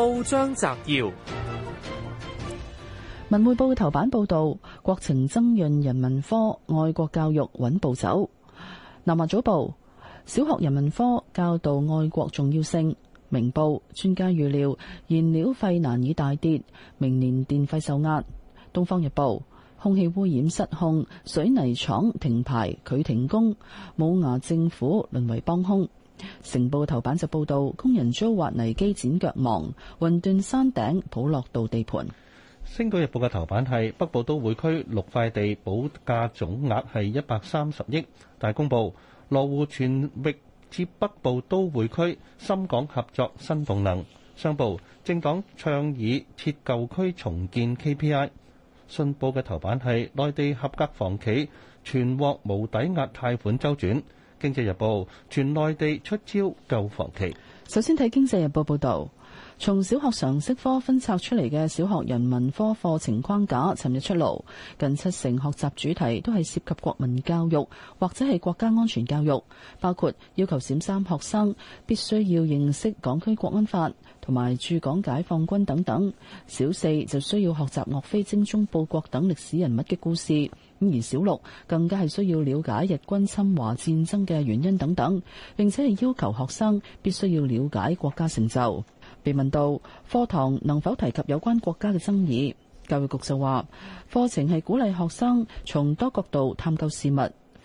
報章摘要：《文匯報》頭版報道，國情增潤人文科，愛國教育穩步走。《南華早報》小學人文科教導愛國重要性。《明報》專家預料燃料費難以大跌，明年電費受壓。《東方日報》空氣污染失控，水泥廠停牌佢停工。《冇牙政府》淪為幫兇。成報頭版就報道工人租挖泥機剪腳忙，運斷山頂普落道地盤。星島日報嘅頭版係北部都會區六塊地補價總額係一百三十億，大公報羅湖全域接北部都會區，深港合作新動能。商報政黨倡議設舊區重建 KPI。信報嘅頭版係內地合格房企全獲無抵押貸款周轉。《經濟日報》全內地出招救房期，首先睇《經濟日報》報導。從小學常識科分拆出嚟嘅小學人文科課程框架，尋日出爐。近七成學習主題都係涉及國民教育或者係國家安全教育，包括要求小三學生必須要認識港區國安法同埋駐港解放軍等等。小四就需要學習岳飛精忠報國等歷史人物嘅故事，咁而小六更加係需要了解日軍侵華戰爭嘅原因等等，並且係要求學生必須要了解國家成就。被問到課堂能否提及有關國家嘅爭議，教育局就話課程係鼓勵學生從多角度探究事物，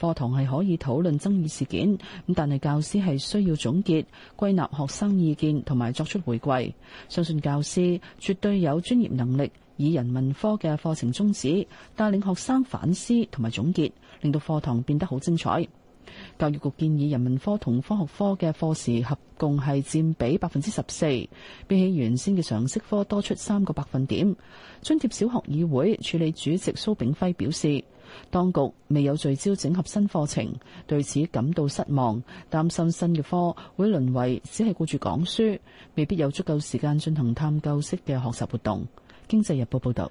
課堂係可以討論爭議事件，咁但係教師係需要總結歸納學生意見同埋作出回饋。相信教師絕對有專業能力，以人文科嘅課程宗旨帶領學生反思同埋總結，令到課堂變得好精彩。教育局建議人文科同科學科嘅課時合共係佔比百分之十四，比起原先嘅常識科多出三個百分點。津貼小學議會處理主席蘇炳輝表示，當局未有聚焦整合新課程，對此感到失望，擔心新嘅科會淪為只係顧住講書，未必有足夠時間進行探究式嘅學習活動。經濟日報報道。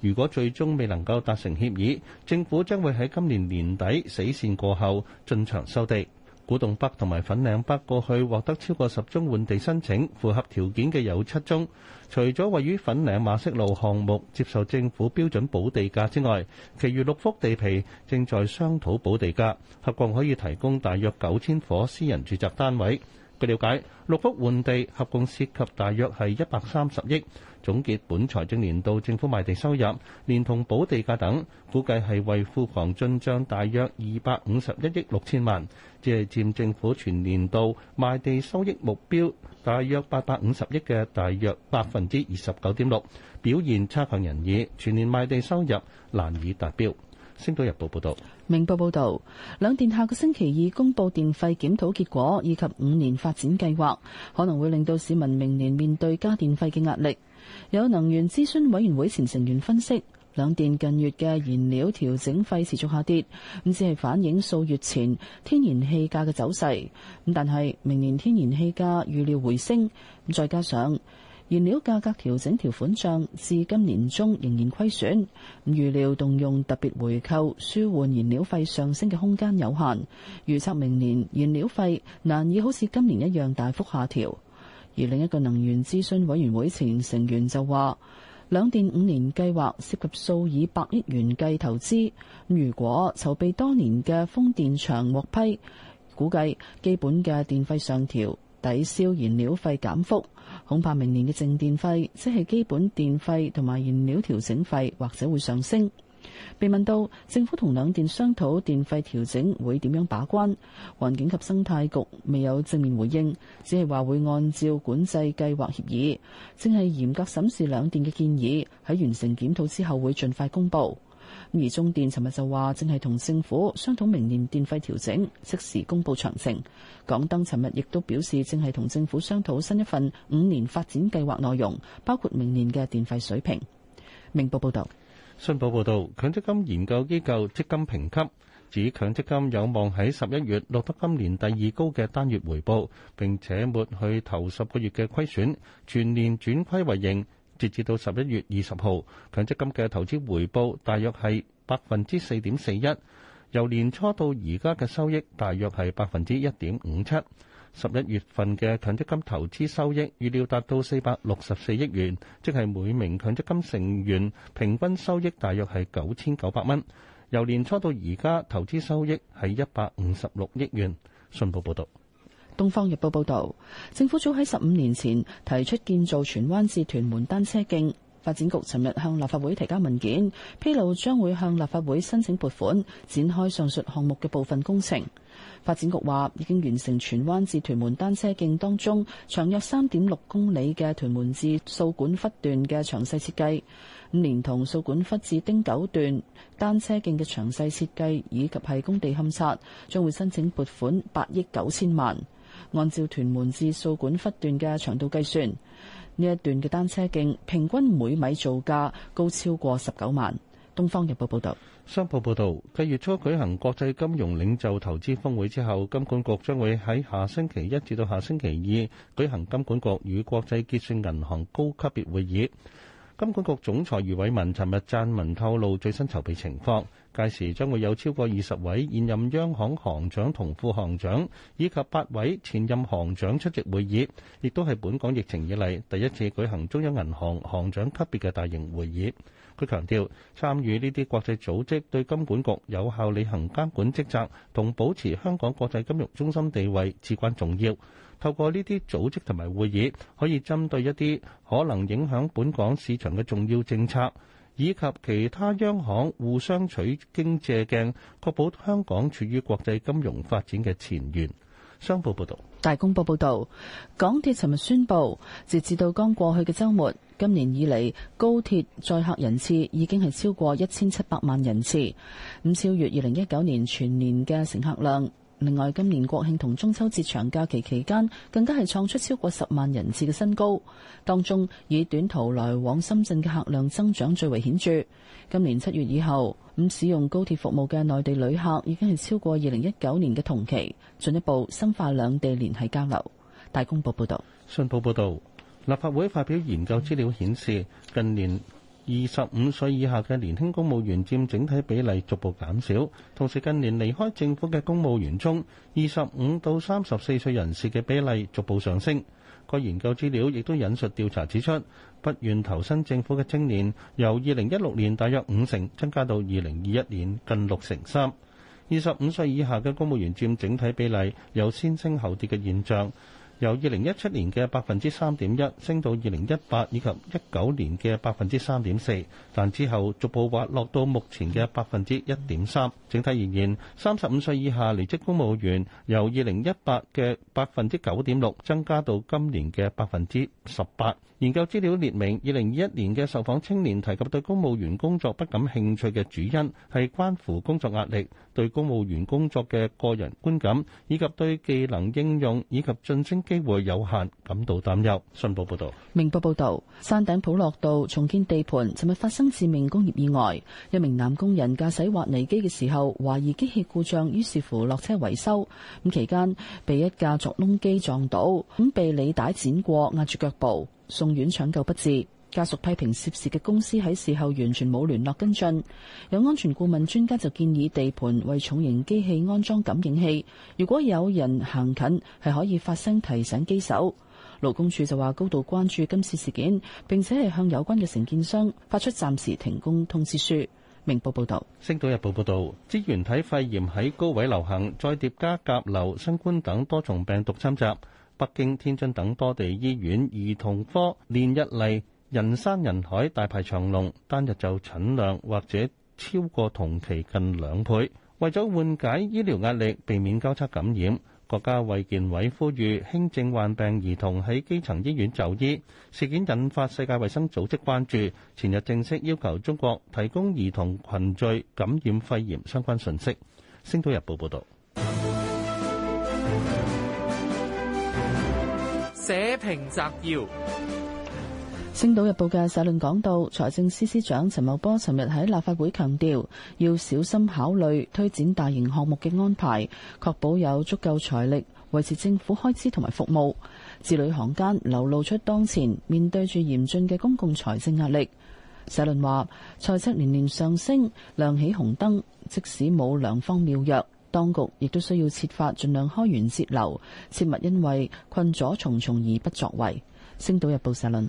如果最終未能夠達成協議，政府將會喺今年年底死線過後進場收地。古洞北同埋粉嶺北過去獲得超過十宗換地申請，符合條件嘅有七宗，除咗位於粉嶺馬適路項目接受政府標準補地價之外，其餘六幅地皮正在商討補地價，合共可以提供大約九千伙私人住宅單位。據了解，六幅換地合共涉及大約係一百三十億，總結本財政年度政府賣地收入，連同補地價等，估計係為庫房進帳大約二百五十一億六千萬，即係佔政府全年度賣地收益目標大約八百五十億嘅大約百分之二十九點六，表現差強人意，全年賣地收入難以達標。星島日報報道。明報報導，兩電下個星期二公佈電費檢討結果以及五年發展計劃，可能會令到市民明年面對加電費嘅壓力。有能源諮詢委員會前成員分析，兩電近月嘅燃料調整費持續下跌，咁只係反映數月前天然氣價嘅走勢。咁但係明年天然氣價預料回升，咁再加上。燃料價格調整條款賬至今年中仍然虧損，預料動用特別回購舒緩燃料費上升嘅空間有限。預測明年燃料費難以好似今年一樣大幅下調。而另一個能源諮詢委員會前成員就話，兩電五年計劃涉及數以百億元計投資，如果籌備多年嘅風電場獲批，估計基本嘅電費上調。抵消燃料費減幅，恐怕明年嘅淨電費即係基本電費同埋燃料調整費，或者會上升。被問到政府同兩電商討電費調整會點樣把關，環境及生態局未有正面回應，只係話會按照管制計劃協議，正係嚴格審視兩電嘅建議，喺完成檢討之後會盡快公佈。而中電尋日就話，正係同政府商討明年電費調整，即時公布詳情。港燈尋日亦都表示，正係同政府商討新一份五年發展計劃內容，包括明年嘅電費水平。明報報道，信報報導，強積金研究機構積金評級指，強積金有望喺十一月落得今年第二高嘅單月回報，並且抹去頭十個月嘅虧損，全年轉虧為盈。截至到十一月二十號，強積金嘅投資回報大約係百分之四點四一，由年初到而家嘅收益大約係百分之一點五七。十一月份嘅強積金投資收益預料達到四百六十四億元，即係每名強積金成員平均收益大約係九千九百蚊。由年初到而家投資收益係一百五十六億元，信報報道。《東方日報》報道，政府早喺十五年前提出建造荃灣至屯門單車徑。發展局尋日向立法會提交文件，披露將會向立法會申請撥款，展開上述項目嘅部分工程。發展局話，已經完成荃灣至屯門單車徑當中長約三點六公里嘅屯門至掃管笏段嘅詳細設計，連同掃管笏至汀九段單車徑嘅詳細設計以及係工地勘察，將會申請撥款八億九千萬。按照屯門至掃管笏段嘅長度計算，呢一段嘅單車徑平均每米造價高超過十九萬。《東方日報》報道。商報報道，繼月初舉行國際金融領袖投資峰會之後，金管局將會喺下星期一至到下星期二舉行金管局與國際結算銀行高級別會議。金管局總裁余偉文尋日撰文透露最新籌備情況，屆時將會有超過二十位現任央行行長同副行長，以及八位前任行長出席會議，亦都係本港疫情以嚟第一次舉行中央銀行行長級別嘅大型會議。佢強調，參與呢啲國際組織對金管局有效履行監管職責同保持香港國際金融中心地位至關重要。透過呢啲組織同埋會議，可以針對一啲可能影響本港市場嘅重要政策，以及其他央行互相取經借鏡，確保香港處於國際金融發展嘅前沿。商報報道。大公報報導，港鐵尋日宣布，截至到剛過去嘅週末，今年以嚟高鐵載客人次已經係超過一千七百萬人次，咁超越二零一九年全年嘅乘客量。另外，今年國慶同中秋節長假期期間，更加係創出超過十萬人次嘅新高，當中以短途來往深圳嘅客量增長最為顯著。今年七月以後，使用高鐵服務嘅內地旅客已經係超過二零一九年嘅同期，進一步深化兩地聯繫交流。大公報報道。信報報道，立法會發表研究資料顯示，近年二十五歲以下嘅年輕公務員佔整體比例逐步減少，同時近年離開政府嘅公務員中，二十五到三十四歲人士嘅比例逐步上升。個研究資料亦都引述調查指出，不願投身政府嘅青年由二零一六年大約五成增加到二零二一年近六成三。二十五歲以下嘅公務員佔整體比例有先升後跌嘅現象。由二零一七年嘅百分之三點一升到二零一八以及一九年嘅百分之三點四，但之後逐步滑落到目前嘅百分之一點三。整體而言，三十五歲以下離職公務員由二零一八嘅百分之九點六增加到今年嘅百分之十八。研究資料列明，二零二一年嘅受訪青年提及對公務員工作不感興趣嘅主因係關乎工作壓力、對公務員工作嘅個人觀感以及對技能應用以及晉升。機會有限，感到擔憂。信報報道，明報報道，山頂普樂道重建地盤，尋日發生致命工業意外，一名男工人駕駛挖泥機嘅時候，懷疑機器故障，於是乎落車維修，咁期間被一架鑿窿機撞到，咁被履帶剪過，壓住腳部，送院搶救不治。家屬批評涉事嘅公司喺事後完全冇聯絡跟進。有安全顧問專家就建議地盤為重型機器安裝感應器，如果有人行近，係可以發聲提醒機手。勞工處就話高度關注今次事件，並且係向有關嘅承建商發出暫時停工通知書。明報報道，《星島日報》報道，支原體肺炎喺高位流行，再疊加甲流、新冠等多重病毒侵襲，北京、天津等多地醫院兒童科連日嚟。人山人海、大排長龍，單日就診量或者超過同期近兩倍。為咗緩解醫療壓力，避免交叉感染，國家衛健委呼籲輕症患病兒童喺基層醫院就醫。事件引發世界衛生組織關注，前日正式要求中國提供兒童群聚感染肺炎相關信息。星島日報報道。社評摘要。《星島日報》嘅社論講到，財政司司長陳茂波尋日喺立法會強調，要小心考慮推展大型項目嘅安排，確保有足夠財力維持政府開支同埋服務。字裏行間流露出當前面對住嚴峻嘅公共財政壓力。社論話，財赤年年上升，亮起紅燈，即使冇良方妙藥，當局亦都需要設法盡量開源節流，切勿因為困阻重重而不作為。《星島日報》社論。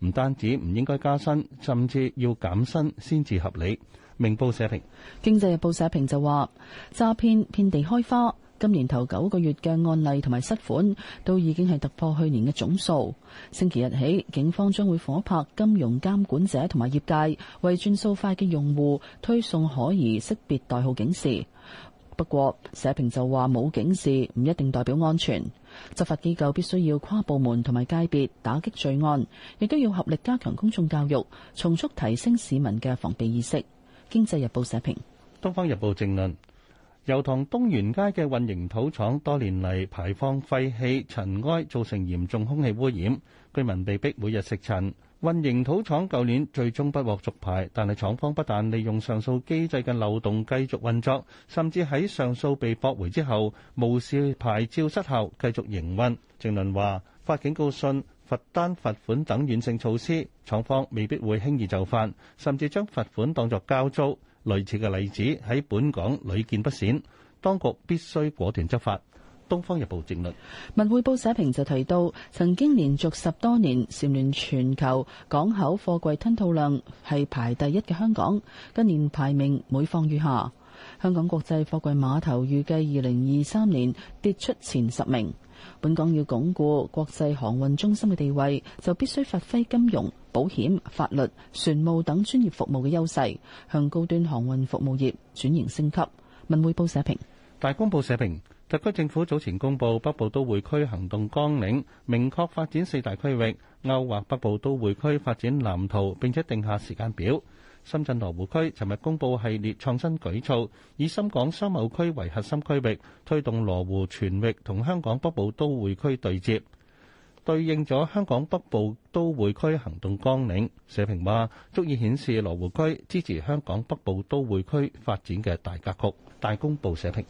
唔單止唔應該加薪，甚至要減薪先至合理。明報社評，《經濟日報》社評就話：詐騙遍地開花，今年頭九個月嘅案例同埋失款都已經係突破去年嘅總數。星期日起，警方將會夥拍金融監管者同埋業界，為轉數快嘅用戶推送可疑識別代號警示。不過，社評就話冇警示唔一定代表安全。執法機構必須要跨部門同埋界別打擊罪案，亦都要合力加強公眾教育，重速提升市民嘅防備意識。經濟日報社評，《東方日報》政論：油塘東元街嘅運營土廠多年嚟排放廢氣塵埃，造成嚴重空氣污染，居民被逼每日食塵。運營土廠舊年最終不獲續牌，但係廠方不但利用上述機制嘅漏洞繼續運作，甚至喺上訴被駁回之後，無視牌照失效繼續營運。鄭論話：發警告信、罰單、罰款等軟性措施，廠方未必會輕易就範，甚至將罰款當作交租。類似嘅例子喺本港屢見不鮮，當局必須果斷執法。《東方日報》政論，《文匯報》社評就提到，曾經連續十多年蟬聯全球港口貨櫃吞吐量係排第一嘅香港，今年排名每況愈下。香港國際貨櫃碼頭預計二零二三年跌出前十名。本港要鞏固國際航運中心嘅地位，就必須發揮金融、保險、法律、船務等專業服務嘅優勢，向高端航運服務業轉型升級。文匯報評《文匯報》社評，《大公報》社評。特區政府早前公布北部都會區行動綱領，明確發展四大區域，勾畫北部都會區發展藍圖，並且定下時間表。深圳羅湖區尋日公布系列創新舉措，以深港商貿區為核心區域，推動羅湖全域同香港北部都會區對接，對應咗香港北部都會區行動綱領。社評話，足以顯示羅湖區支持香港北部都會區發展嘅大格局。大公報社評。